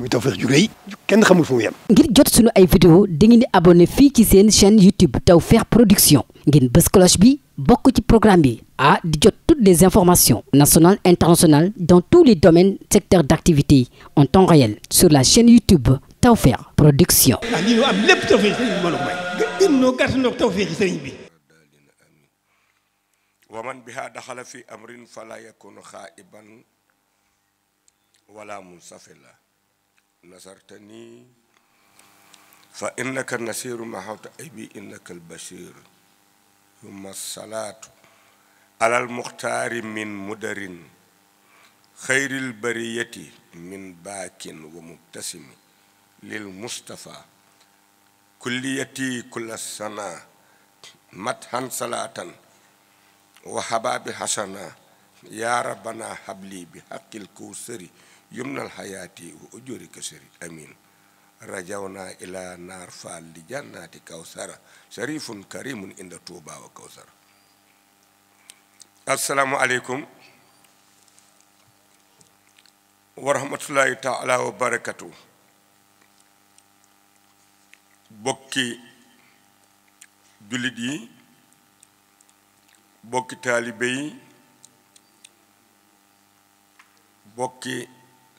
muy Tawfekh ju ngir jot sunu ay vidéo dangeen di abonné fii ci seen chaîne YouTube Tawfekh Production ngeen bës bi bokk ci programme bi ah di jot toutes des informations nationales internationales dans tous les domaines secteurs d'activité en temps réel sur la chaine YouTube Tawfekh Production. ah lii ñu am lépp Tawfekh sëriñ bi mbooloo bi. wa biha daxala fi amrin fala yakunu xaa'iban wala munsafila نصرتني فإنك النصير ما حوت أيبي إنك البشير ثم الصلاة على المختار من مدر خير البرية من باك ومبتسم للمصطفى كليتي كل السنة مدحا صلاة وحباب حسنا يا ربنا حبلي بحق الكوثر yumnal hayati wa ujuri kasri amin rajawna ila naar faal li kawsara sharifun karimun inda tuuba kawsara assalaamu aleykum wa rahmatullahi taala wa barakatu bokki jullit bokki taalibe bokki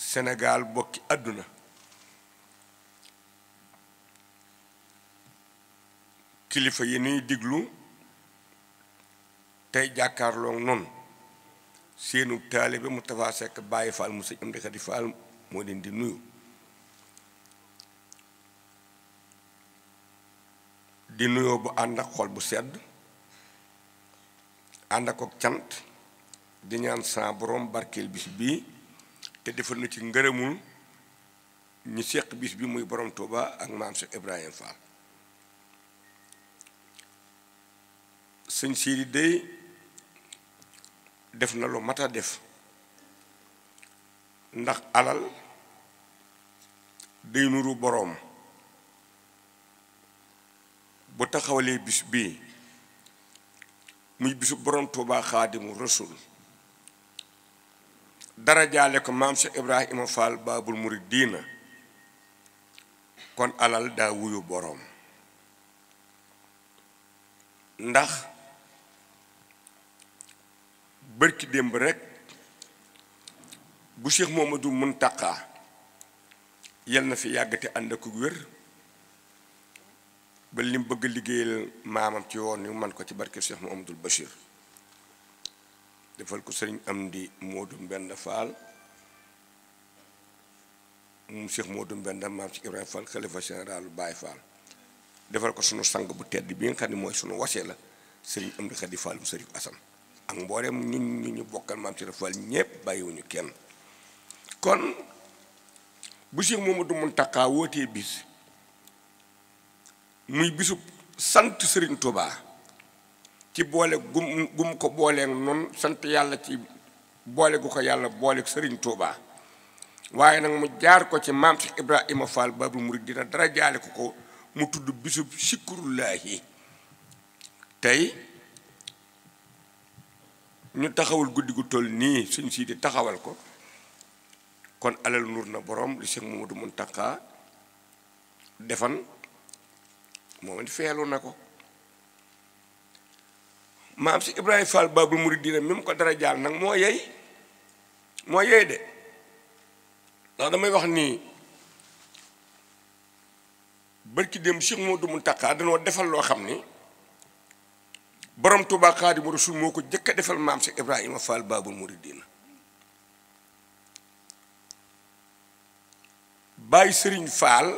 senegaal bokki àdduna kilifa yi nuy diglu tey jàkkaarloo noonu seenu taalibe Moustapha Seck Baye Fall mu sëñ Amdi Khady Fall moo leen di nuyu di nuyoo bu ànd ak xol bu sedd ànd ak ak cant di ñaan sa borom barkeel bis bii te defal na ci ngërëmul ñu seq bis bi muy borom Touba ak maam Cheikh Ibrahima Fall sëñ Sidi dey def na lu mat a def ndax alal day nuru boroom bu taxawalee bis bi muy bisu borom Touba Xaadimu Rasul dara jaale ko maam Cheikh Ibrahima Fall baabul muridiina kon alal daa wuyu boroom ndax bërki démb rekk bu Cheikh Momadou Muntaqa yal na fi yàggate ànd ak wér ba lim bëgg liggéeyal maamam ci woon ñu man ko ci barke Cheikh Mohamadul Bachir defal ko sëriñ Amdi Moodu Mbenda Fall moom Cheikh Moodu Mbenda maam ci Ibrahima Fall xalifa général Baye Fall defal ko sunu sang bu tedd bi nga xam ne mooy sunu wasee la sëriñ Amdi Xadi Fallum sëriñ Asan ak mbooleem ñun ñu ñu bokkal maam ci Fall ñépp bàyyiwuñu kenn kon bu Cheikh Mamadou Mountakha wootee bis muy bisub sant sëriñ Touba. ci boole gum gum ko booleeg noonu sant yàlla ci boole gu ko yàlla booleeg sëriñ Touba waaye nag mu jaar ko ci maam Cheikh Ibrahima Fall Babul Mouridina dara jaale ko ko mu tudd bisub sikkurullaahi tey ñu taxawul guddi gu toll nii suñ sii di taxawal ko kon alal nur na borom li Cheikh Mamadou Mountakha defan moom it feelu na ko maam si Ibrahima Fall Babul Mouridina mi mu ko dara jaal nag moo yey moo yey de ndax damay wax nii bërki dem takk Modou Mountakha danoo defal loo xam ni borom Touba Xaadimu Rasuul moo ko jëkk a defal maam si Ibrahima Fall Babul Mouridina bàyyi sëriñ Fall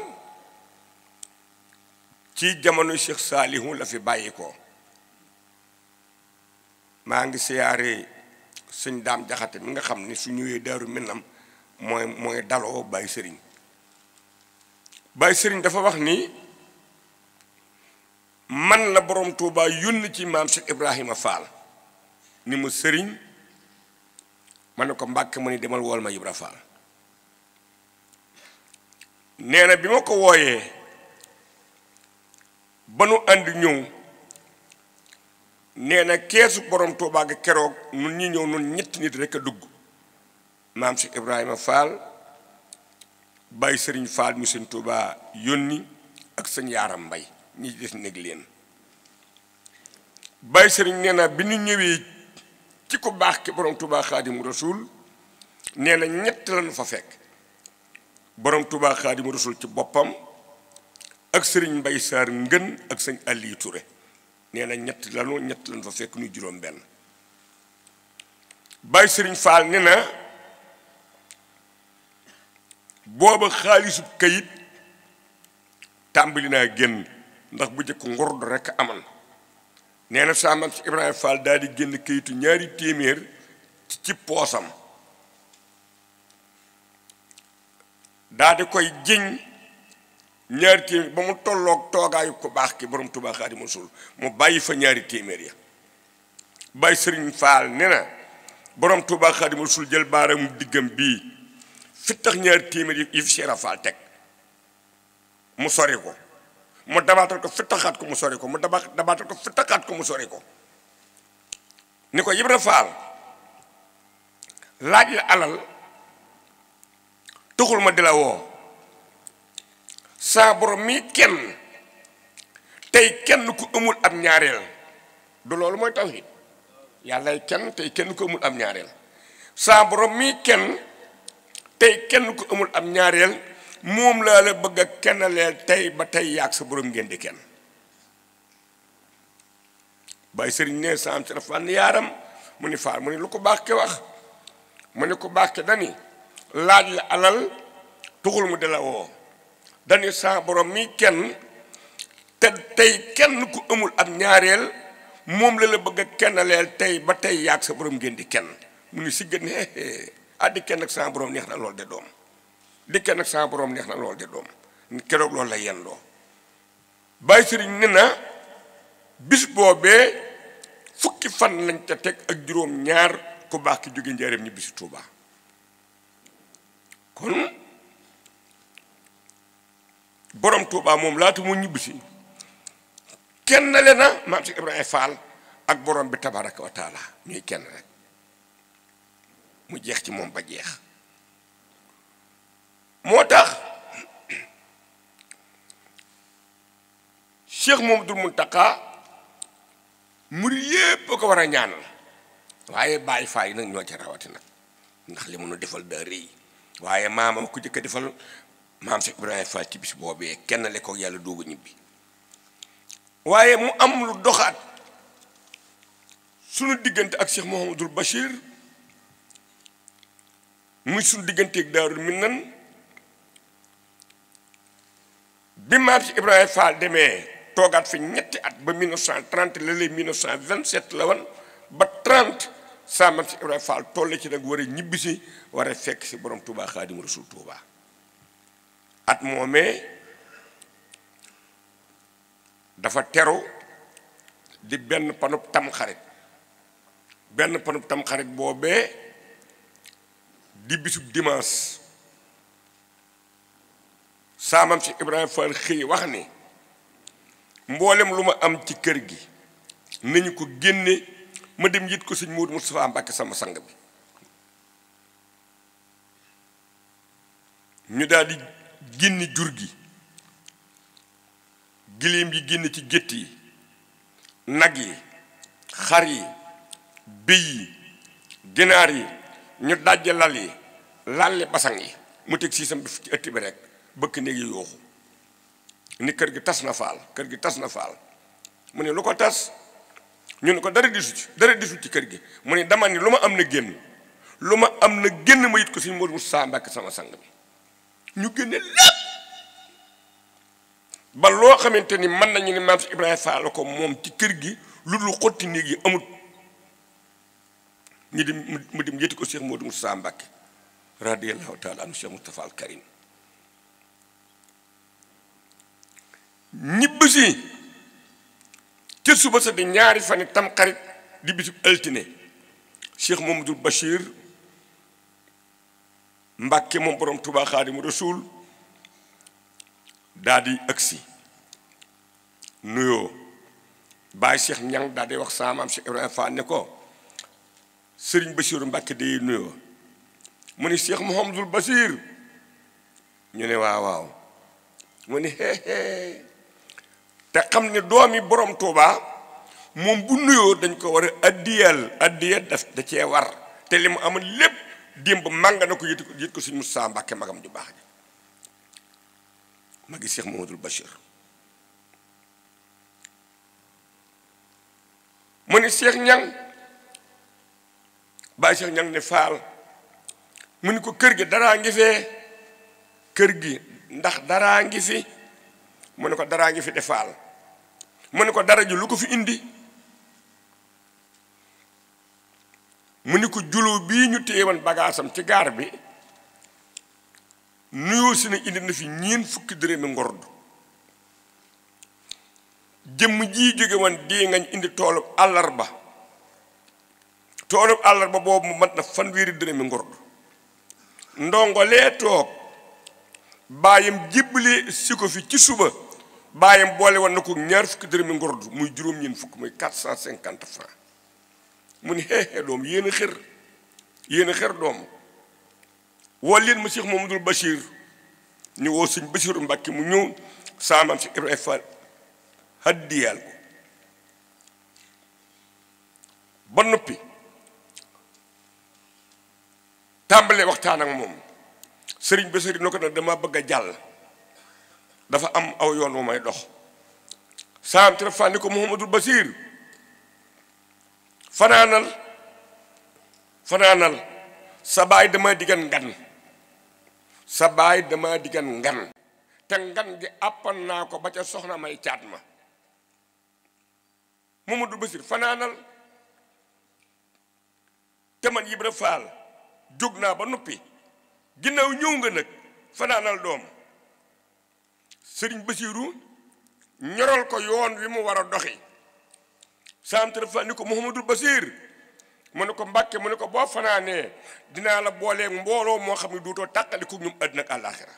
ci jamono Cheikh Saalihu la fi bàyyi ko maa ngi siyaare suñ daam jaxate mi nga xam ni su ñëwee daaru minam mooy mooy daloo Baye sëriñ Baye Serigne dafa wax ni man la borom Touba yónni ci maam Cheikh Ibrahima Fall ni mu sëriñ ma ne ko Mbàkke ma ni demal wol ma Ibra Fall nee bi ma ko wooyee ba nu ànd ñëw. nee na keesu borom Touba gi keroog nun ñi ñëw nun ñetti nit rekk a dugg maam Cheikh Ibrahima Fall bay sëriñ Fall mu sëñ Touba yónni ak sëñ Yaaram Mbay ñi ci des néeg leen bay sëriñ nee bi ñu ñëwee ci ko baax ki borom Touba Xaadimu Rasuul nee na ñett lañu fa fekk borom Touba Xaadimu Rasuul ci boppam ak sëriñ Mbay Saar Ngën ak sëñ Aliou Touré nee na ñett lanu ñett lan fa fekk muy juróom benn bàyyi sëriñ faal ne na booba xaalisub kayit tàmbali naa génn ndax bu jëkk ngurdu rekk amal nee na saaman si ibrahima fall daal di génn kayitu ñaari téeméer ci ci poosam daal di koy jiñ ñaari téeméer ba mu tollook toogaayu ko baax ki borom Tuubaa Xaadimu Rasuul mu bàyyi fa ñaari téeméer ya bàyyi sëriñ faal ne na borom Tuubaa jël baaramu diggam bii fi tax ñaari téeméer yi fi seera faal teg mu sori ko mu dabaatal ko mu sori ko mu daba dabaatal ko fi taxaat ko mu sori ko ni ko Ibra Faal laaj la alal taxul ma di la woo saa borom mi kenn tey kenn ku amul ab ñaareel du loolu mooy tawhid yàllay kenn tey kenn ku amul am ñaareel saa borom mi kenn tey kenn ku amul ab ñaareel moom laa la bëgg a kennaleel tey ba tey yaag sa borom ngeen di kenn bàyyi sëriñ ne saam si rafan yaaram mu ni faar mu ni lu ko baax ki wax mu ni ko baax ki dani laaj la alal tuxul mu de la woo dañu saa borom mi kenn te tey kenn ku amul ab ñaareel moom la la bëgg a kennaleel tey ba tey yaag sa borom ngeen di kenn mu ngi si gën a ah, di kenn ak neex na lool de doom di kenn ak saa neex na lool de doom keroog loolu la yenn yendoo bàyyi sëriñ ne na bis boobee fukki fan lañ ca teg ak juróom ñaar ku baax ki jóge njaareem ñu bisi Tuubaa kon borom Touba moom laata mu ñibbisi kenn le na maam si Ibrahima Fall ak borom bi tabaraka wa taala ñuy kenn rek mu jeex ci moom ba jeex moo tax moom Cheikh Mouhamadoul Mountakha murid yépp ko war a ñaanal waaye Baay Faal yi nag ñoo ci rawatina ndax li mu nu defal daa rëy waaye maamam ku jëkk defal maam si Ibrahima Fall ci bis boobee kenn le ko yàlla doogu ñibbi waaye mu am lu doxaat sunu diggante ak Cheikh Mouhamadul Bachir muy sunu digganteeg Daarul Minnan bi maam si Ibrahima Fall demee toogaat fi ñetti at ba 1930 la lay 1927 la wan ba 30 saa maam si Ibrahima Fall tolle ci nag war a ñibbisi war a fekk si borom Touba Xaadimu Rasul Touba. at moomee dafa teru di benn panub tamxarit benn panub tamxarit boobee di bisub dimanche saamam si Ibrahima Fall xëy wax ni mboolem lu ma am ci kër gi nañu ko génne ma dem yit ko si sëñ Moodu Moustapha Mbàkke sama sang bi ñu daal di génn jur gi giléem yi génn ci gétt yi nag yi xar yi béy yi ginaar yi ñu dajje lal yi lalli basang yi mu teg siisam bi ci ëtt bi rek bëkk néeg yi yooxu ni kër gi tas na faal kër gi tas na faal mu ne lu ko tas ñu ni ko dara disu ci dara disu ci kër gi mu ni dama ni lu ma am na génn lu ma am na génn ma yit ko si Moodu Mustafaa Mbàkke sama sang bi ñu génne lépp ba loo xamante ni mën nañu ne maam si Ibrahima Fall ko moom ci kër gi lu dul xotti néeg yi amut ñi di mu dem yëti ko Cheikh Modou Moussa Mbacke radiyallahu taala anhu Cheikh Moustapha al Karim ñibb ca suba sa di ñaari fan tam xarit di bisub altine Cheikh Mamadou Bachir mbàkke moom borom Tuubaa Xaadimu Rasuul daal di agsi nuyoo Baay Cheikh Ñang daal wax sama maam Cheikh Ibrahima Fall ne ko sëriñ Basiiru Mbàkke day nuyoo mu ni Cheikh Mouhamadul Basiir ñu ne waaw waaw mu ni xeexee te xam ne doomi borom Tuubaa moom bu nuyoo dañ ko war addiyal addiyal daf da war te li mu amoon lépp dim mànga na ko yët ko yët ko suñ Moussa Mbàkke magam ju baax ji ma gis Cheikh Mamadou Bachir mu ni Cheikh Ñang bàyyi Cheikh Ñang ne faal mu ni ko kër gi daraa ngi fee kër gi ndax daraa ngi fi mu ne ko daraa ngi fi de faal mu ne ko dara ji lu ko fi indi mu ni ko juloo bii ñu téye woon bagaasam ci gaar bi nuyoo si ne indi na fi ñeen fukki dërëmi ngordu jëmm jii jóge woon dee ngañ indi toolub àllarba toolub àllarba boobu mu mat na fanweeri dërëmi ngordu ndongo lee toog baayam jébbalee si ko fi ci suba baayam boole woon na ko ñaar fukki dërëmi ngordu muy juróom-ñeen fukki muy 450 francs mu ni hehe doom yéen xer yéen a doom woo leen ma Cheikh Mamadou Bachir ñu woo sëñ Bachir Mbàkke mu ñëw saamam si Ibrahima Fall ba noppi tàmbalee waxtaan ak moom sëriñ Bachir na ko nag dama bëgg a jàll dafa am aw yoon wu may dox saam te ref ni ko Mouhamadou Bachir fanaanal fanaanal sa baay dama diggan ngan sa baay dama diggan ngan te ngan gi àppan naa ko ba ca soxna may caat ma Mamadou Basir fanaanal te man Ibra Faal jóg naa ba noppi ginnaaw ñëw nga nag fanaanal doom sëriñ Basiru ñoral ko yoon wi mu war a doxi centre fa ni ko Mouhamadou Basir mu ne ko Mbàkke mu ne ko boo fanaanee dinaa la boolee mbooloo moo xam ne duutoo tàqali ku ñum àddina ak àllaaxira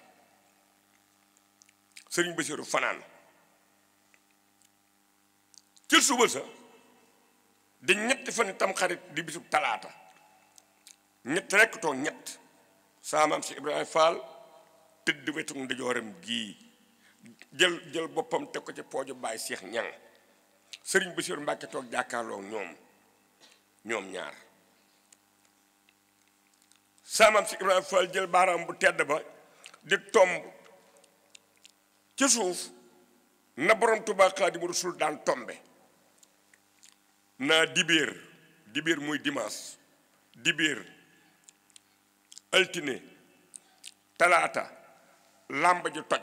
sëriñ Basiru fanaan ci suba sa di ñetti fan tam xarit di bisub talaata ñett rekk toog ñett saamam si Ibrahima Fall tëdd wetu ndijooram gii jël jël boppam teg ko ci pooju Baay Seex Ñaŋ sëriñ Bassirou Mbacke toog jàkkaarloo ñoom ñoom ñaar saamam si Ibrahima Fall jël baaraam bu tedd ba di tomb ci suuf na borom Tuubaa Xaadimu Rasuul daan tombe naa dibeer dibeer muy dimanche dibeer altine talaata làmb ji toj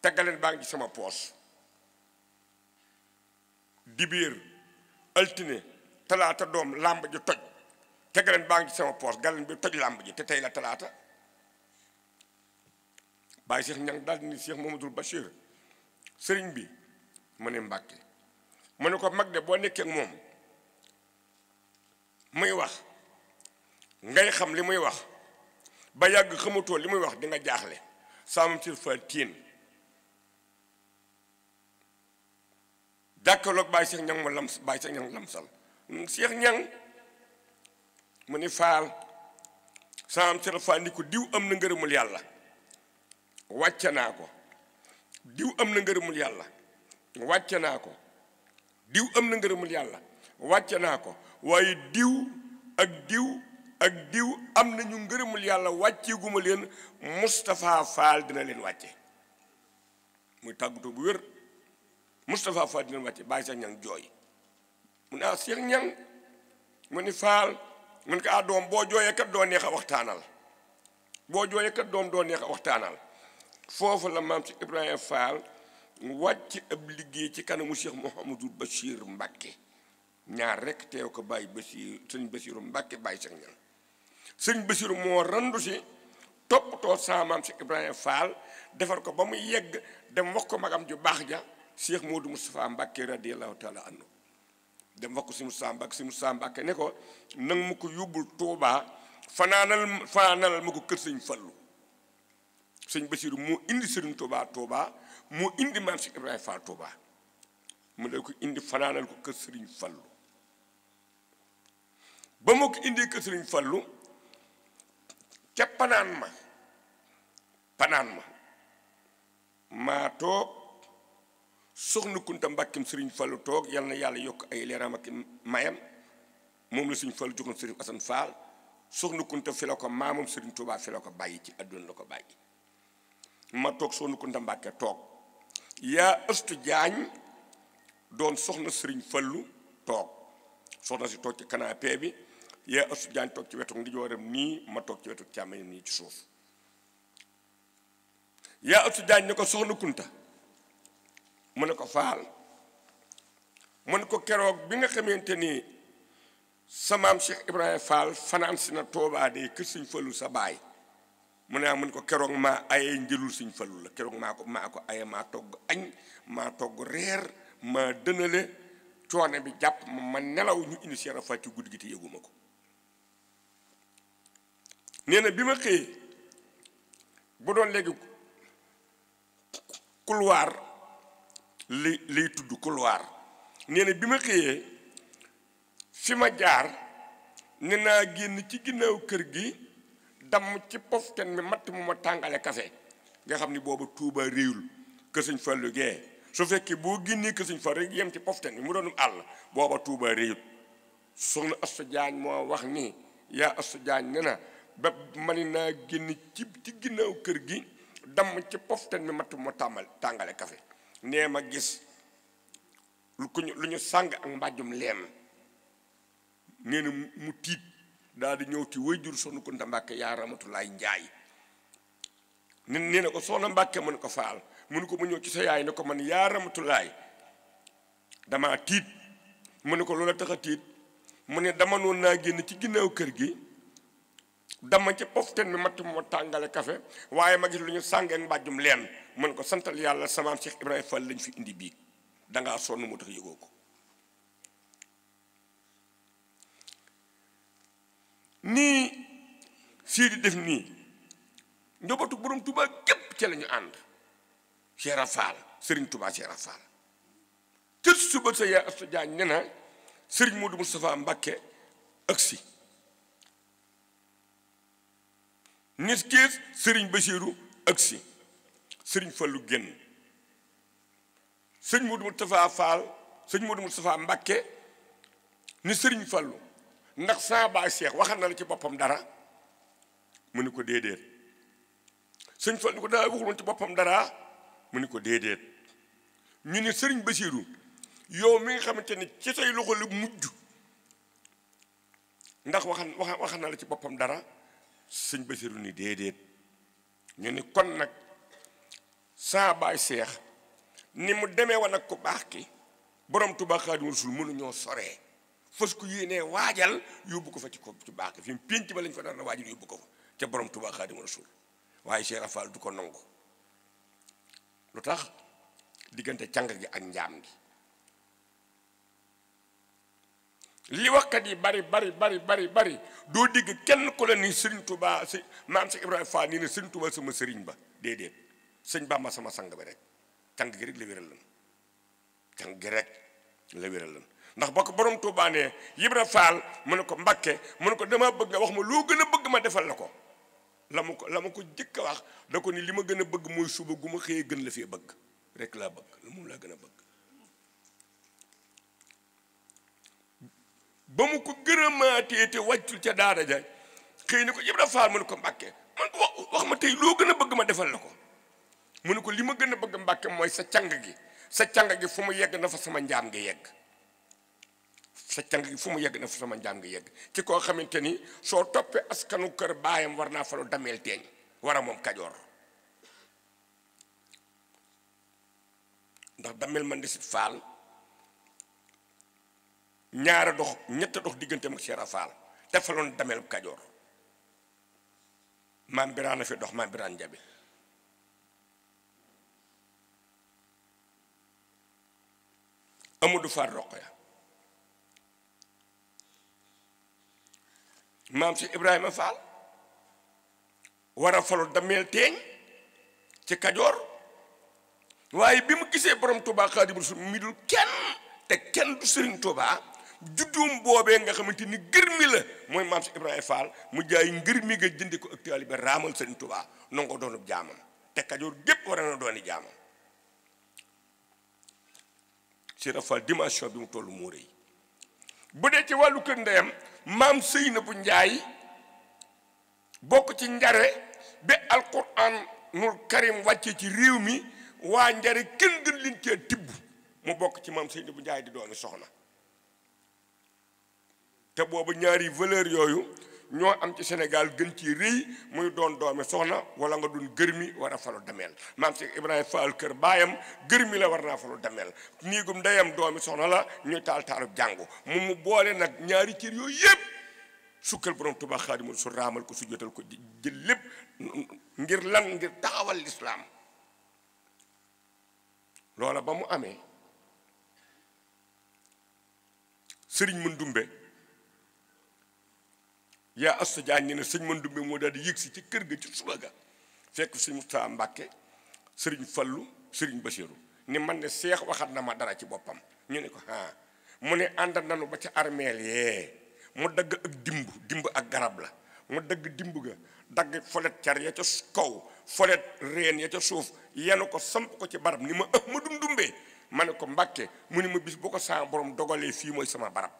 teggaleen baa ngi ci sama poos dibiir altine talaata doom làmb ji toj te galen baa ngi ci sama poos galen bi toj làmb ji te tey la talaata bàyyi Cheikh ñang daal ni Cheikh Mamadou Bachir sëriñ bi mu ne Mbàkke mu ne ko mag de boo nekkee moom muy wax ngay xam li muy wax ba yàgg xamatoo li muy wax di nga jaaxle saamam sir fa tiin jàkkaloog bàyyi Cheikh Niang mu lam bàyyi Cheikh Niang lamsal mm, Cheikh Niang mu ni faal saam sera faal ni ko diw am na ngërëmul yàlla wàcce naa ko diw am na ngërëmul yàlla wàcce naa ko diw am na ngërëmul yàlla wàcce naa ko waaye diw ak diw ak diw am nañu ngërëmul yàlla wàcceeguma leen Moustapha Fall dina leen wàcce muy tàggatoo bu wér Moustapha Fall dina wàcce bàyyi Cheikh Niang jooy mu ne ah Cheikh Niang mu ni Fall mu ko ah doom boo jooyee kat doo neex a waxtaanal boo jooyee kat doom doo neex a waxtaanal foofu la maam si Ibrahima mu wàcc ab liggéey ci kanamu Cheikh Mouhamadou Bachir Mbacke ñaar rek teew ko bàyyi Bachir sëñ Bachiru Mbacke bàyyi Cheikh Niang sëñ Bachiru moo randu si toppatoo saa maam si Ibrahima Fall defar ko ba mu yegg dem wax ko magam ju baax ja Cheikh Modou Moustapha Mbacke radiallahu taala anhu dem wax ko si Moustapha Mbacke si Moustapha Mbacke ne ko nang ma ko yóbbul Touba fanaanal fanaanal ma ko kër sëñ Fallu sëñ Basiru moo indi Sëriñ Touba Touba moo indi Maam Cheikh Ibrahima Fall Touba mu ne ko indi fanaanal ko kër sëriñ Fallu ba ma ko indee kër sëriñ Fallu ca panaan ma panaan ma maa toog soxna Kunta Mbàkkim Sëriñ Fallu toog yal na yàlla yokk ay leeraam ak mayam moom la Sëriñ Fallu joxoon Sëriñ Asan Faal soxna Kunta fi la ko maamam Sëriñ Tuubaa fi la ko bàyyi ci àdduna la ko bàyyi ma toog soxna Kunta Mbàkke toog yaa Astu Jaañ doon soxna Sëriñ Fallu toog soxna si toog ci canapé bi yaa Astu Jaañ toog ci wetu ndijooram nii ma toog ci wetu càmmoñam nii ci suuf yaa Astu Jaañ ne ko soxna Kunta mu ne ko faal mu ne ko keroog bi nga xamante ni sa maam Cheikh Ibrahima Fall fanaan si na Touba de kër Sëñ Fallu sa baay mu ne ah, mu ko keroog maa aye njëlul Sëñ Fallu la keroog maa ko maa ko aye maa togg añ maa togg reer maa dënale coono bi jàpp ma ma nelaw ñu indi Cheikh Fall ci guddi gi te yëguma ko nee bi ma xëyee bu doon léegi couloir li lay tudd couloir nee bi ma xëyee fi ma jaar ne naa génn ci ginnaaw kër gi damm ci poften mi matt mu ma tàngale kafe nga xam ni booba Touba réyul kër sëñ Fallou Guèye su fekkee boo génnee kër sëñ rek yem ci poften bi mu doonum àll booba Touba réyul soxna Asta Diagne moo wax ni yaa Asta Diagne ne ba mani naa génn ci ci ginnaaw kër gi damm ci poften mi matt mu ma tàmbale tàngale kafe nee ma gis lu ko lu ñu sàng ak mbàjjum leem nee na mu tiit daal di ñëw ci wayjur soxna Kunta Mbàkke yaa Ramatulaay Njaay nee na ko soxna Mbàkke ne ko faal mënu ko mu ñëw ci sa yaay ne ko man yaa Ramatulaay dama tiit mu ne ko loola tax a tiit mu ne dama noon naa génn ci ginnaaw kër gi dama ci poften mi matti moo tàngale café waaye ma gis lu ñu sàngee mbàjjum leen mën ko santal yàlla samaam Cheikh Ibrahima Fall lañ fi indi biig dangaa sonn moo tax yëgoo ko nii sii di def nii njobatu borom tubaa gépp ci la ñu ànd Cheikh Rafal sëriñ tubaa Cheikh Rafal cët suba sa yaa astu jaan ne na sëriñ Modou Moustapha Mbacke agsi nit kees sëriñ Basiiru agsi sëriñ Fallu génn sëñ Moodu Mustafaa Faal sëñ Moodu Mustafaa Mbàkke ni sëriñ Fallu ndax saa baay Seex waxal na la ci boppam dara mu ni ko déedéet sëñ Fallu ni ko daa waxuloon ci boppam dara mu ni ko déedéet ñu ni sëriñ Basiiru yow mi nga xamante ni ci say loxo la mujj ndax waxan wax wax na la ci boppam dara si Basiru ni déedéet ñu ni kon nag saa baay seex ni mu demee woon ak ku baax ki borom Tuubaa Xaadimu Rasuul mënuñoo soree fos ku yéenee waajal yóbbu ko fa ci ko ci baax ki fi mu pénc ba lañ ko daan waajal yóbbu ko fa ca borom Tuubaa Xaadimu Rasuul waaye Cheikh Rafal du ko nangu lu tax diggante càng gi ak njaam gi li waxkat yi bari bari bari bari bari doo dégg kenn ku la ni Serigne Touba si maam si Ibrahima Fall nii ne Serigne Touba sama Serigne ba déedéet sëñ ma sama sang ba rek cang gi rek la wéral cang gi rek la wéral lan ndax ba ko borom Touba ne Ibrahima Fall mu ne ko Mbakke mu ne ko damaa bëgg nga wax ma loo gën a bëgg ma defal la ko la ma ko la ma ko jëkk wax da ko ni li ma gën a bëgg mooy suba gu ma xëyee gën la fee bëgg rek laa bëgg moom laa gën a bëgg. ba mu ko gërëmaatee te wàccul ca daada ja xëy na ko Ibra Faal mu ne ko Mbàkke man ko wax ma tey loo gën a bëgg ma defal la ko mun ne ko li ma gën a bëgg Mbàkke mooy sa càng gi sa càng gi fu mu yegg na fa sama njaam ngi yegg sa càng gi fu mu yegg na fa sama njaam ngi ci koo xamante ni soo toppee askanu kër baayam war naa falu dameel teeñ war a moom kajoor ndax dameel man di sit faal ñaara dox ñett dox diggante ak Cheikh Fall defaloon dameel Kajoor maam Biraan a fi dox maam Biraan Njabi Amadou Faar Roqaya maam si Ibrahima Fall war a falu dameel teeñ ci Kajoor waaye bi mu gisee borom Touba Xaadimu du Sëriñ Touba. juddoom boobee nga xamante ni ngërmi la mooy maam si Ibrahima Fall mu jaay ngërmi nga jënde ko ak taalibe raamal Sëriñ Tuubaa nangoo doonub jaamam te Kajoor gépp war na dooni jaamam Cheikh Fall dimension bi mu toll moo rëy bu dee ci wàllu kër ndeyam maam sëy na bu njaay bokk ci njare ba alquraanul karim wàccee ci réew mi waa njare kenn gën leen cee tibb mu bokk ci maam sëy na bu njaay di doomi soxna te boobu ñaari valeur yooyu ñoo am ci Sénégal gën ci rëy muy doon doomi soxna wala nga doon gërmi war a falu dameel maam Cheikh Ibrahima Fall kër baayam gërmi la war naa falu dameel niigum ndeyam doomi soxna la ñu taal taalub jàngu mu mu boole nag ñaari cër yooyu yëpp sukkal borom Tuubaa Xaadimu su raamal ko su jotal ko jël lépp ngir lan ngir taxawal lislaam loola ba mu amee sëriñ Mën Dumbe yaa asta jaan ne sëñ Mandoumbe moo daal di yëg si ci kër gi ci suba ga fekk sëñ Moustapha Mbàkke sëriñ Fallu sëriñ Basiru ni man ne seex waxat na ma dara ci boppam ñu ne ko ah mu ne ànd nanu ba ca armeel yee mu dagg ak dimb dimb ak garab la mu dagg dimb ga dagg folet car ya ca kaw folet reen ya ca suuf yenu ko samp ko ci barab ni ma ëpp ma dum dumbee ma ne ko mbàkke mu ne ma bis boo ko saa borom dogalee fii mooy sama barab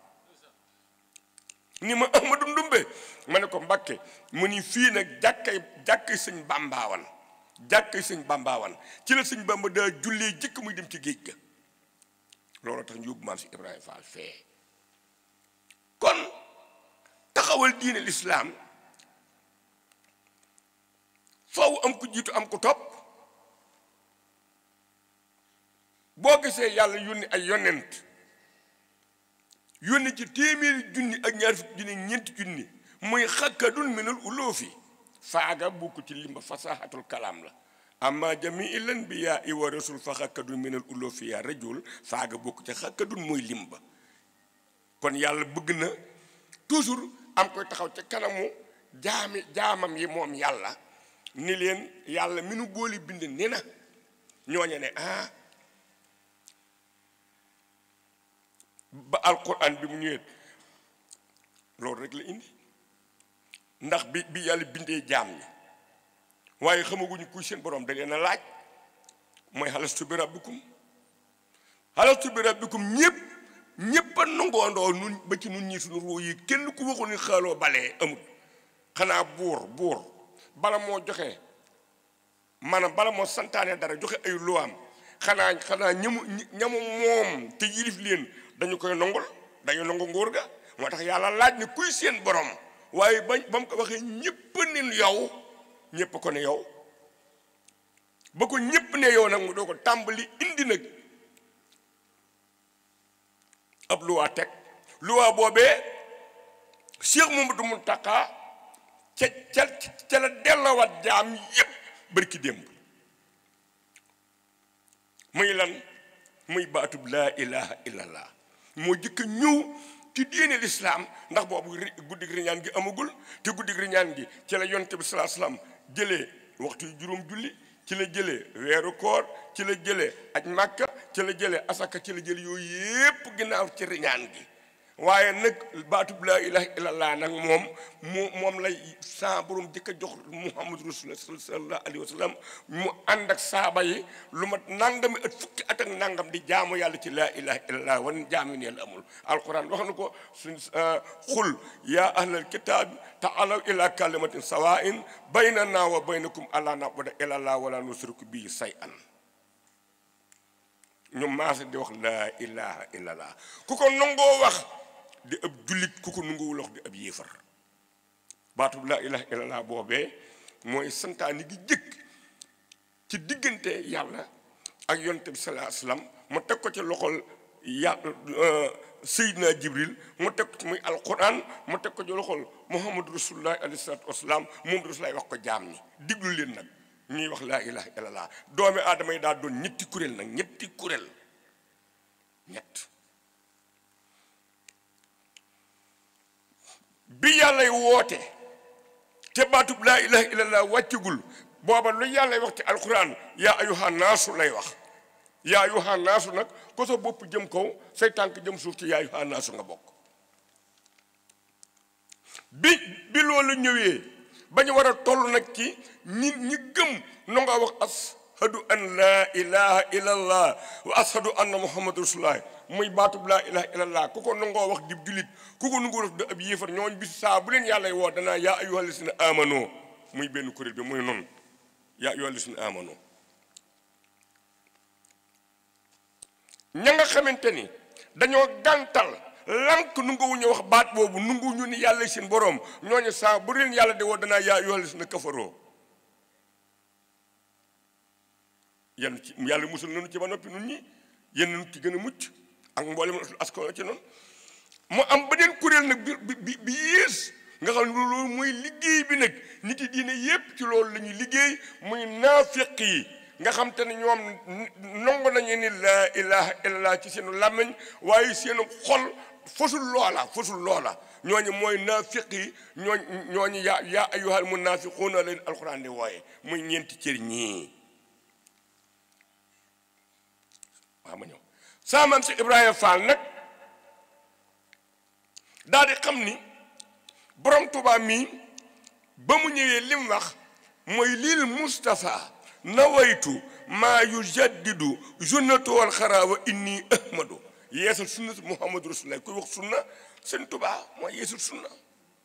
ni ma Ahmadu Ndumbe ma ne ko Mbàkke mu ni fii nag jàkkay jàkkay sëñ bàmbaawan jàkkay sëñ bàmbaawan ci la sëñ bàmba daa jullee jëkk muy dem ci géej ga loolu tax ñu yóbbu maam kon taxawal diine lislaam faw am ku jiitu am ku topp boo gisee yàlla yónni ay yonent yónni ci téeméeri junni ak ñaar fukki junni ñeenti junni muy xakkadun minal uloofi faaga bokk ci limba fasahatul kalaam la amma jamiil anbiyaa i wa rasul fa xakkadun minal uloofi yaa rajul faaga bokk ci xakkadun mooy limba kon yàlla bëgg na toujours am koy taxaw ca kanamu jaami jaamam yi moom yàlla ni leen yàlla minu góoli bind ni na ñooñe ne ah ba alquran bi mu ñëwee loolu rek la indi ndax bi bi yàlla bindee jaam ñi waaye xamaguñu kuy seen borom da leen a laaj mooy xalastu bi rabbikum xalastu bi rabbikum ñëpp ñëpp a ba ci nun ñi suñu ruu yi kenn ku waxu ni xaaloo balee amul xanaa buur buur bala moo joxe maanaam bala moo santaane dara joxe ay luwaam xanaa xanaa ñamu ñamu moom te yilif leen dañu koy nangul dañu nangu nguur ga moo tax yàlla laaj ni kuy seen borom waaye bañ ba mu ko waxee ñëpp ni yow ñëpp ko ne yow ba ko ñëpp ne yow nag mu doo ko tàmbali indi nag ab luwaa teg luwaa boobee Cheikh Mamadou Mountakha ca ca ca la delloowaat jaam yëpp bërki démb muy lan muy baatub laa ilaha illallah moo jëkk ñëw ci diine lislaam ndax boobu guddig riñaan gi amagul te guddi riñaan gi ci la yonte bi salaa salaam jëlee waxtu juróom julli ci la jëlee weeru koor ci la jëlee aj màkka ci la jëlee asaka ci la jële yooyu yépp ginnaaw ci riñaan gi waaye nag baatub laa ilaha illallah nag moom moom lay saa borom jëkk jox muhammad mu ànd ak saaba yi lu mat nangam at fukki at nangam di jaamu yàlla ci laa ilaha illallah wan jaamu yàlla amul alquran wax na ko suñ xul uh, yaa kitaab taalaw ila kalimatin sawain baynana wa baynakum alla nabuda illallah wala nusriku bii say an ñu maase di wax laa ilaha illallah ku ko nangoo wax di ab jullit ku ko nanguwul wax di ab yéefar baatub laa ilaha illallah boobee mooy santaani gi jëkk ci diggante yàlla ak yonte bi salaa salaam mu teg ko ci loxol yàlla euh, Seydina Jibril mu teg ko ci muy alquran mu teg ko ci loxol Muhammadu Rasulullahi alayhi salaatu wasalaam moom Rasulullahi wax ko jaam ni diglu leen nag ñuy wax laa ilaha illallah doomi aadama yi daa doon ñetti kuréel nag ñetti kuréel ñett bi yàllay woote te baatub laa ilaha illallah wàccagul booba lu yàllay wax ci alquran yaa ayuha naasu lay wax yaa ayuha naasu nag ko sa bopp jëm kaw say tànk jëm suuf ci yaa ayuha naasu nga bokk bi bi loolu ñëwee ba ñu war a toll nag ci ñi ñi gëm nu nga wax ashadu an laa ilaha illallah wa ashadu anna muhammadu rasulullah muy baatub laa ilaha illallah ku ko nangoo wax dib julit ku ko nangoo def da ab yéefar ñooñ bis saa bu leen yàlla woo danaa yaa ayyuhal lasina amano muy benn kuréel bi muy noonu yaa ayyuhal lasina amano ña nga xamante ni dañoo gàntal lank nanguwuñu wax baat boobu nanguwuñu ni yàlla seen boroom ñooñu saa bu leen yàlla di woo danaa yaa ayyuhal lasina kafaroo yàlla ci yàlla musul nañu ci ba noppi nun ñi yéen nañu ci gën a mucc ak mboolem askan ci noonu mu am beneen kuréel nag bi bi bi yées nga xam ne loolu mooy liggéey bi nag nit yi diine yépp ci loolu la ñuy liggéey muy naafiq yi nga xam te ne ñoom nangu ni laa ilaha illallah ci seenu làmmiñ waaye seenu xol fasul loola fasul loola ñooñu mooy naafiq yi ñooñ ñooñu yaa yaa ayyuhal munaafiquuna leen alxuraan di wooye muy ñeenti cër ñii saa maam si Ibrahima Fall nag daal di xam ni borom Tuubaa mii ba mu ñëwee lim wax mooy lil Mustafa nawaytu maa yu jaddidu junnatu wal xaraa wa inni ahmadu yeesal sunna muhammadu rasulullah kuy wax sunna seen Tuubaa mooy yeesal sunna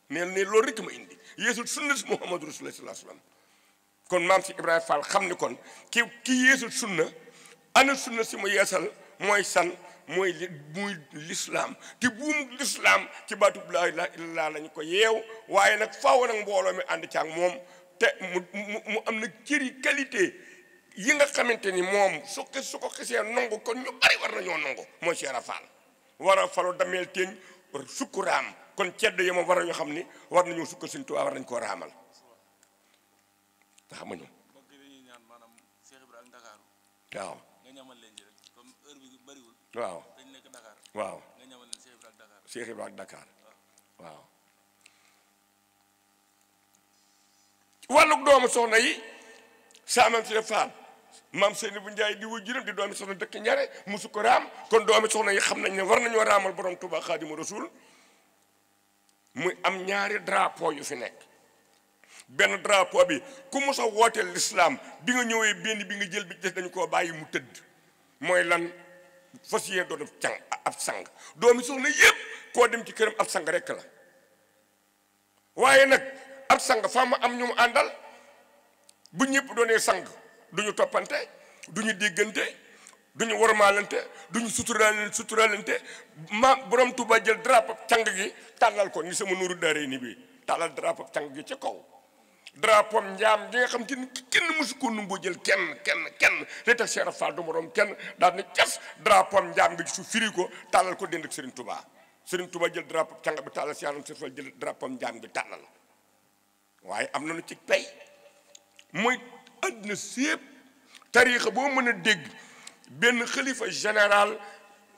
ne ne loolu rek ma indi yeesal sunna muhammadu rasulullah sallallahu alayhi wa kon maam si Ibrahima Fall xam ni kon ki ki yeesal sunna ana sunna si mu yeesal mooy san mooy li muy lislaam ti buumu lislaam ci baatub laa ilaaha illallaah lañ ko yeew waaye nag faaw mbooloo mi ànd caag moom te mu mu am na cëri qualité yi nga xamante ni moom su su ko xisee nangu kon ñu bari war nañoo nangu mooy Cheikh Rafal war a falu dameel teeñ sukku raam kon cedd yi moom war nañoo xam ni war nañoo sukka Sëñ Tuubaa war nañ koo raamal taxamuñu waaw waaw waaw Cheikh Ibra ak Dakar waaw wàlluk doomu soxna yi saamam si faal maam seeni bu njaay di wu juróom di doomi soxna dëkk ñare musu ko raam kon doomi soxna yi xam nañ ne war nañoo raamal borom Tuuba Xaadimu Rasuul muy am ñaari drapo yu fi nekk benn drapo bi ku musa wooteel lislaam bi nga ñëwee benn bi nga jël bi des dañu koo bàyyi mu tëdd mooy lan fas yéene doon càng ab sang doomi soxna yépp koo dem ci këram ab sang rekk la waaye nag ab sang faa ma am ñu mu àndal bu ñëpp doonee sang du ñu toppante du ñu déggante du ñu warmaalante du ñu suturaalante suturaalante ma boroom Tuuba jël drapeau càng gi tàllal ko ni sama nuuru daaree ni bi tàllal drapeau càng gi ci kaw drapeau njaam gi nga xam te ni kenn mësu ko numbo jël kenn kenn kenn li tax Cheikh Fall du moroom kenn daal ne cas drapeau njaam gi su firi ko tàllal ko dend ak Serigne Touba Serigne jël drapeau canga bi tàllal Cheikh Cheikh Fall jël drapeau njaam bi waaye am nañu ci pay mooy àddina sépp tariixa boo mën a dégg benn xalifa général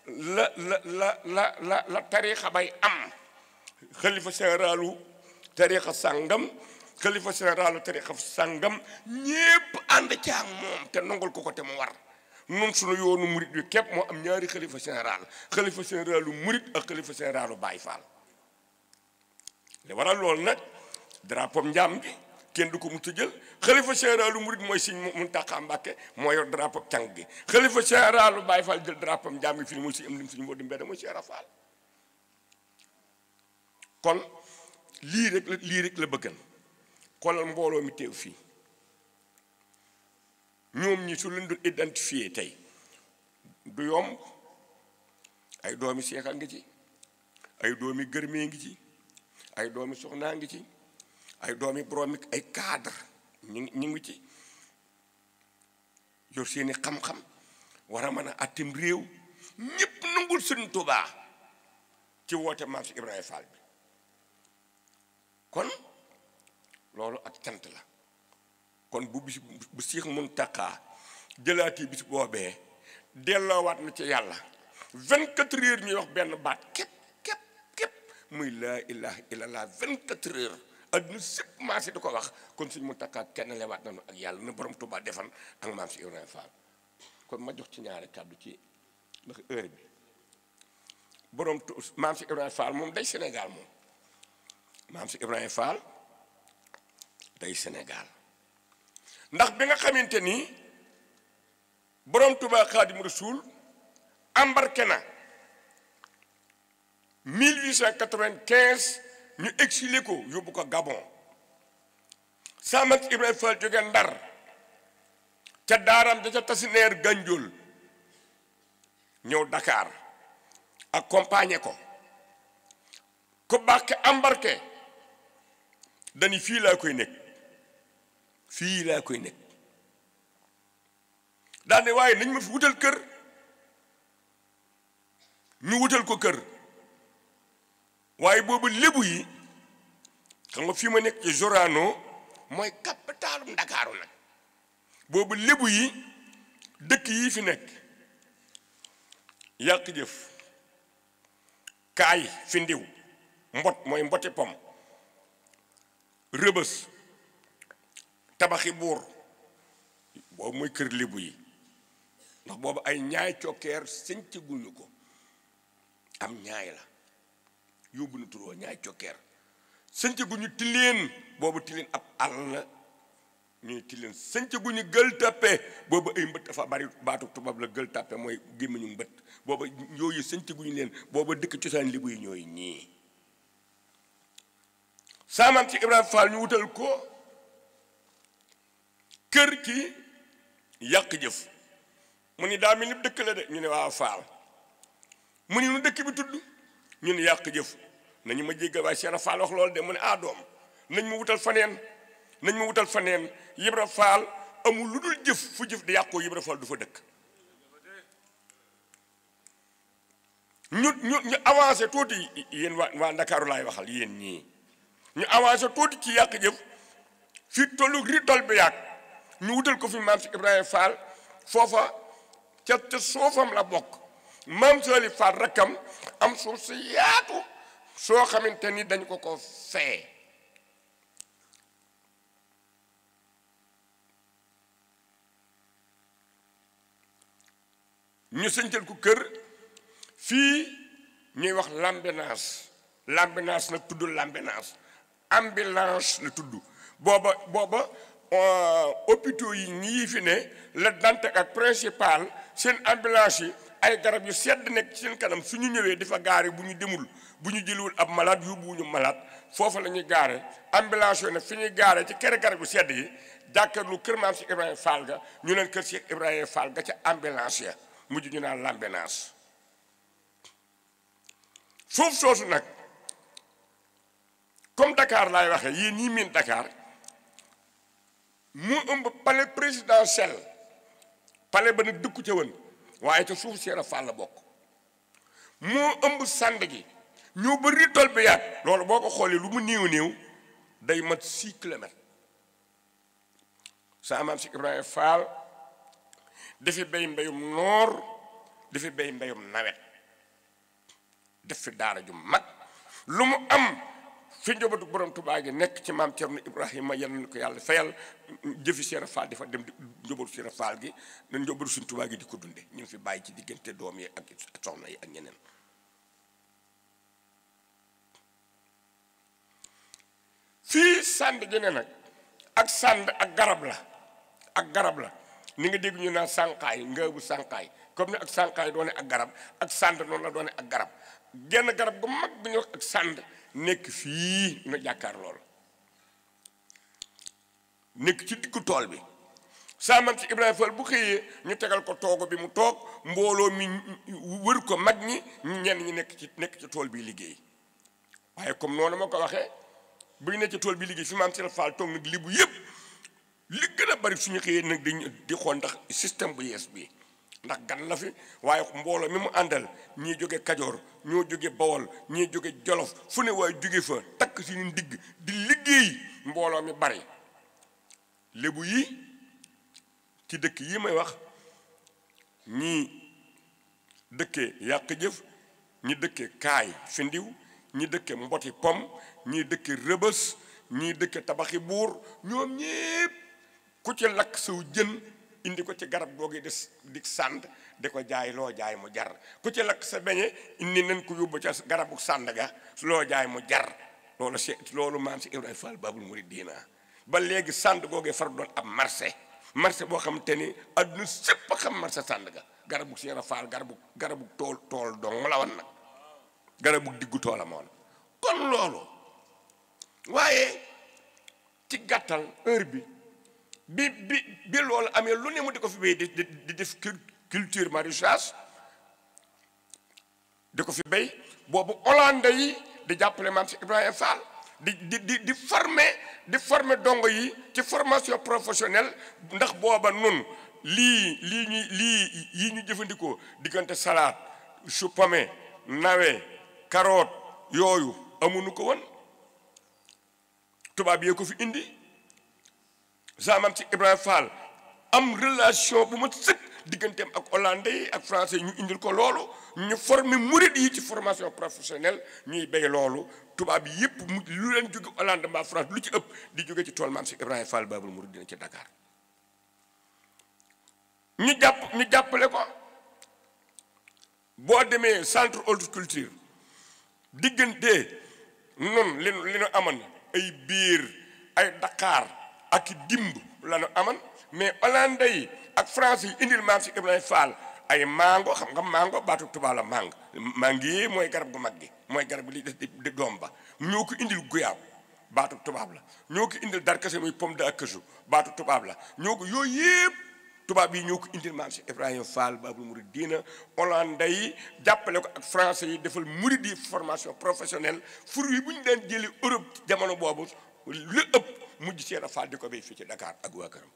la la la la la bay am xalifa généralu tariixa sàngam xalifa généralu tarixa sàngam ñépp ànd ci ak moom te nangul ko ko te mu war noonu suñu yoonu murit bi képp moo am ñaari xalifa général xalifa généralu murit ak xalifa généralu Baay Faal li waral loolu nag drapeau njaam kenn du ko mu jël xalifa généralu mooy Sëñ Muntaxa Mbàkke moo yor drapeau càng gi xalifa généralu Baay Faal jël drapeau njaam gi fi ni mooy si am lim suñu mboodim benn mooy si Arafaal kon lii rek la lii rek la bëggan xoolal mbooloo mi teew fii ñoom ñi su leen doon identifié tey du yomb ay doomi seexal ngi ci ay doomi gërmee ngi ci ay doomi soxnaa ngi ci ay doomi boroomi ay cadre ñi ñi ngi ci yor seeni xam-xam war a mën a attim réew ñépp nangul Sëriñ Tuubaa ci woote maam si Ibrahima Fall bi kon loolu ak cant la kon bu bis bu siix mun taqaa jëlaati bis boobee delloowaat na ci yàlla 24 heures ñuy wax benn baat képp képp képp muy laa ilaha illallah 24 heures adduna sépp maasé di ko wax kon suñ mun taqaa kenn lewaat nañu ak yàlla na borom Tuubaa defan ak maam si Ibrahima Fall kon ma jox ci ñaari kàddu ci ndax heure bi borom maam si Ibrahima Fall moom day Sénégal moom maam si Ibrahima Fall tey Sénégal ndax bi nga xamante ni borom Touba Xaadim Rasuul embarqué na 1895 ñu exilé ko yóbbu ko Gabon Samat Ibrahima Fall jóge Ndar ca daaram da ca tasineer Ganjool ñëw Dakar accompagné ko ko bàkke embarqué dañu fii laa koy nekk fii laa koy nekk daane waaye nañ ma fi wutal kër ñu wutal ko kër waaye boobu lébu yi xam nga fii ma nekk ci Sorano mooy capitalu Ndakaaru nag boobu lébu yi dëkk yi fi nekk yàq jëf kaay fi ndiw mbot mooy mboti pom rëbës tabaxi buur boobu mooy kër libu yi ndax boobu ay ñaay cokkeer sëñc ko am ñaay la yóbbu na turoo ñaay cokkeer sëñc guñu tileen boobu tileen ab àll la ñuy tileen sëñc guñu gël tàppe boobu ay mbëtt dafa bari baatu tubaab la gël tàppe mooy gémmiñu mbëtt booba yooyu sëñc guñu leen booba dëkk cosaan libu yi ñooy ñii saamam ci Ibrahima Fall ñu wutal ko kër ki yàq jëf mu ni daa mel ni dëkk la de ñu ne waa faal mu ni nu dëkk bi tudd ñu ne yàq jëf nañu ma jéggal waaye Cheikh Faal wax loolu de mu ne ah doom nañ mu wutal faneen nañ ma wutal faneen Ibra Faal amul lu dul jëf fu jëf di yàqoo Ibra Faal du fa dëkk ñu ñu ñu avancé tuuti yéen waa waa Ndakaaru laay waxal yéen ñii ñu avancé tuuti ci yàq jëf fi tollu ritol bi yàq ñu wutal ko fi maam si Ibrahima Fall foofa ca ca soofam la bokk maam Sali Fall rakkam am suuf si yaatu soo xamante ni dañ ko ko fee ñu sëñcal ko kër fii ñuy wax lambinaas lambinaas nag tudd lambinaas ambulance la tudd booba booba Euh, hôpitaux yi ñii fi ne la Dantec ak principal seen ambulance yi ay garab yu sedd nekk seen kanam su ñu ñëwee dafa gaare bu ñu demul bu ñu jëliwul ab yu yóbbuwuñu malaat foofa la ñuy gaare ambulance yooyu nag fi ñuy gaare ci kër garab yu sedd yi jàkkaarlu kër maam si Ibrahima Fall ga ñu leen kër si Ibrahima Fall ga ca ambulance ya mujj ñu naan l'ambulance suuf soosu nag comme Dakar laay waxee yii ñii miin Dakar. mu ëmb palais présidentiel pale ba nag dëkku ca woon waaye ca suuf seera fàll bokk moo ëmb sànd gi ñëw ba ritol bi yaat loolu boo ko xoolee lu mu néew néew day mat six kilomètres sa maam si Ibrahima Fall dafi béy mbéyum noor dafi béy mbéyum nawet def fi daara ju mag lu mu am fi njobatu borom tubaa gi nekk ci maam Cerno Ibrahima yal na ko yàlla fayal jëfi Cheikh Fall dafa dem di njobatu Cheikh gi na njobatu suñ di ko dunde ñu fi bàyyi ci diggante doom yi ak soxna yi ak ñeneen fii sànd gi nag ak sànd ak garab la ak garab la ni nga dégg ñu naan sànqaay ngëbu sànqaay comme ne ak sànqaay doone ak garab ak sànd noonu la doone ak garab genn garab gu mag bu ñu ak sànd nekk fii nu jàkkaar lool nekk ci diggu tool bi saaman ci Ibrahima Fall bu xëyee ñu tegal ko toogo bi mu toog mbooloo mi wër ko mag ñi ñenn ñi nekk ci nekk ci tool bi liggéey waaye comme noonu ma ko waxee bu ñu nekk ci tool bi liggéey fi maam Sëriñ Fall toog nag li bu yëpp li gën a bari suñu xëyee nag di di xool ndax système bu yees bii ndax gan la fi waaye mbooloo mi mu àndal ñii jóge kajoor ñoo jóge bawol ñii jóge jolof fu ne waaye jóge fa takk si ñu ndigg di liggéey mbooloo mi bari lébu yi ci dëkk yi may wax ñii dëkke yàq jëf ñi dëkke kaay fi ndiw ñi dëkke mboti pom ñii dëkke rëbës ñii dëkke tabaxi buur ñoom ñépp ku ci lakk saw jën indi ko ci garab googu di di sànd di ko jaay loo jaay mu jar ku ci lakk sa beñe indi nañ ko yóbbu ca garabu sànd ga loo jaay mu jar loolu si loolu maam si Ibrahima Fall Babul Mouridina ba léegi sànd googee far doon ab marché marché boo xam te ni adduna sépp a xam marché sànd ga garabu Seera Fall garabu garabu tool tool dong la woon nag garabu diggu toolam woon kon loolu waaye ci gàttal heure bi bi bi bi loolu amee lu ne mu di ko fi béy di di def culture maraîchage di ko fi béy boobu Hollande yi di jàppale maam si Ibrahima Fall di di di di dongo yi ci formation professionnelle ndax booba nun lii lii lii yi ñu jëfandikoo diggante salade chou nawe carotte yooyu amuñu ko woon tubaab yee ko fi indi maam ci Ibrahima Fall am relation bu ma sëkk digganteem ak hollandais yi ak français ñu indil ko loolu ñu former murid yi ci formation professionnelle ñuy béy loolu tubaab yi yëpp lu leen jóge Hollande mbaa France lu ci ëpp di jóge ci tool maam si Ibrahima Fall Babul Murid dina ci Dakar ñu jàpp ñu jàppale ko boo demee centre horticulture diggante nun li li nu amoon ay biir ay Dakar ak dimb lanu aman mais Hollande yi ak France yi indil maam si Ibrahima Fall ay mango xam nga mango baatu tubaab la mang mangi mooy garab gu mag gi mooy garab gi li des di doom ba ñoo ko indil guyaab baatu tubaab la ñoo ko indil darkase muy pomme de acajou baatu tubaab la ñoo ko yooyu yëpp tubaab yi ñoo ko indil maam si Ibrahima Fall Baabul Muridiina Hollande yi jàppale ko ak français yi defal murid yi formation professionnelle fur yi bu ñu daan jëlee Europe jamono boobu ëpp mujj seer a faal di ko béy fii ci Dakar ak waa këram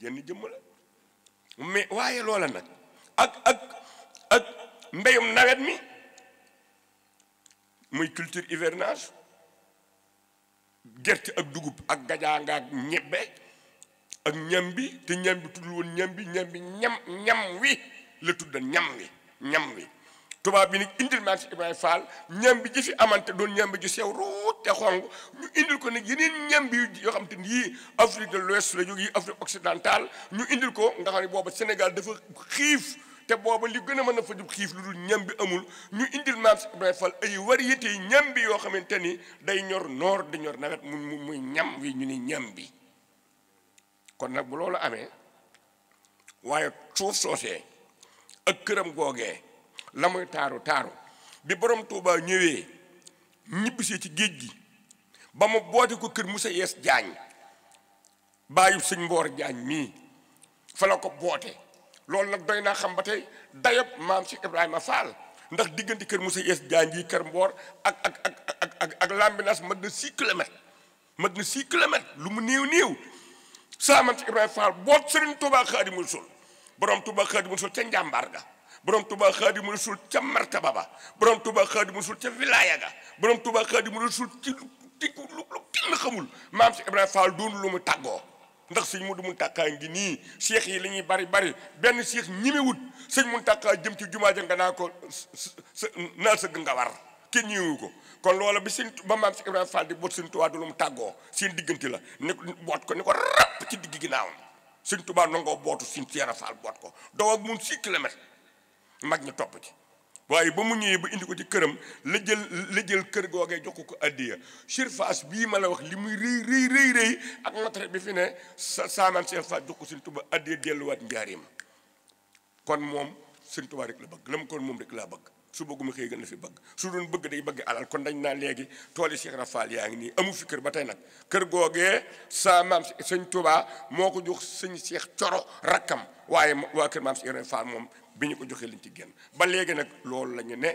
jënn jëmm la mais waaye loole nag ak ak ak mbéyum nawet mi muy culture hivernage gerte ak dugub ak gajaanga ak ñebbe ak ñam te ñambi bi tuddul woon ñam bi ñam ñam wi la tudda ñam wi ñam wi tubaab bi nag indil maam si Ibrahima Fall ñam ji fi amante doon ñam bi ju sew ruut te xong ñu indil ko nag yeneen ñam bi yoo xam te ni yii Afrique de l'Ouest la jóge yii Afrique occidentale ñu indil ko nga xam ne booba Sénégal dafa xiif te booba li gën a mën a fajub xiif lu dul ñam bi amul ñu indil maam si Ibrahima Fall ay variété yi ñam bi yoo xamante ni day ñor noor di ñor nawet mu muy ñam wi ñu ni ñam bi kon nag bu loolu amee waaye suuf soosee ak këram googee la muy taaru taaru bi borom Touba ñëwee ñibbisee ci géej gi ba mu boote ko kër Musa Yees Jaañ bàyyi sëñ Mboor Jaañ mii fala ko boote loolu nag doy naa xam ba tey dayab maam si Ibrahima Fall ndax diggante kër Musa Yees Jaañ yi kër Mboor ak ak ak ak ak ak Lambinaas mat na 6 kilomètres mat na 6 kilomètres lu mu néew niiw saa man si Ibrahima Fall boot Sëriñ Touba Xaadimu Rasuul borom Touba Xaadimu Rasuul ca njàmbaar ga borom Touba Xaadimu Rasul ca martaba ba borom Touba Xaadimu Rasul ca wilaaya ga borom Touba Xaadimu Rasul ci lu lu kenn xamul maam si Ibrahima Fall doonu lu mu tàggoo ndax sëñ Mudu Muntakaa ngi nii seex yi la ñuy bari bari benn seex ñimewut sëñ Muntakaa jëm ci jumaa ja nga naa ko naa sëgg nga war kenn ñëwu ko kon loola bi seen ba maam si Ibrahima Fall di boot seen Touba du lu mu tàggoo seen diggante la ne boot ko ni ko ràpp ci digg ginnaawam sëñ Touba nangoo bootu seen Seera Fall boot ko doo ak mun six mag ñi topp ci waaye ba mu ñëwee ba indi ko ci këram la jël la jël kër googee jox ko ko addiya surface bii ma la wax li muy rëy rëy rëy rëy ak matériel bi fi ne sa saamaan Cheikh Fall jox ko Sëñ Tuubaa addiya delluwaat kon moom Sëñ Tuubaa la bëgg la mu moom rek laa bëgg su bëgguma gën la fi bëgg su bëgg day bëgg alal kon dañ naa léegi tooli Cheikh Rafal yaa ngi nii amu fi kër ba tey nag kër googee sa maam sëñ moo ko jox sëñ Cheikh Coro rakkam waaye waa kër maam Cheikh Rafal moom bi ñu ko joxee lañ ci génn ba léegi nag loolu lañu ne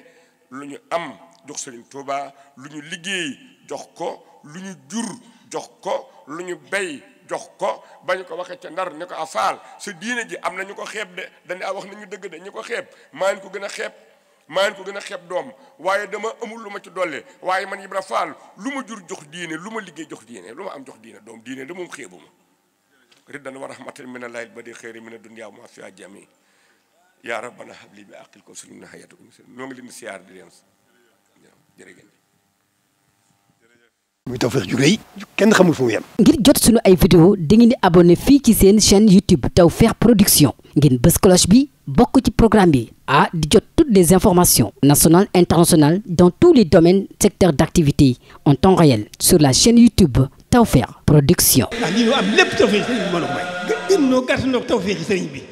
lu ñu am jox sëriñ Tuuba lu ñu liggéey jox ko lu ñu jur jox ko lu ñu bay jox ko ba ñu ko waxee ca ndar ne ko a faal sa diine ji am na ñu ko xeeb de dañ a wax nañu dëgg de ñu ko xeeb maa ngi ko gën a xeeb maa ngi ko gën a xeeb doom waaye dama amul lu ma ci dolli waaye man Ibra Faal lu ma jur jox diine lu ma liggéey jox diine lu ma am jox diine doom diine da moom xeebuma riddan wa rahmatan min allahi ba di xëyri mina dunya ma fiha jami yaa rabbana habli bi àqil ko suñu na xayatu noo ngi leen di siyaar di leen jërëjëf muy Tawfekh ju rëy ngir jot suñu ay vidéo dangeen di abonné fii ci seen chaîne YouTube Tawfekh Production ngeen bës cloche bi bokk ci programme bi ah di jot toutes les informations national internationales dans tous les domaines secteurs d'activité en temps réel sur la chaine YouTube Tawfekh Production. ah